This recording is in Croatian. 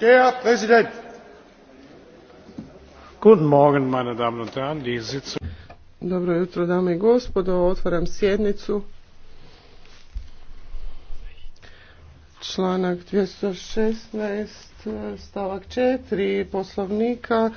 herr präsident! dobro jutro dame i gospodo otvaram sjednicu članak 216 stavak 4 poslovnika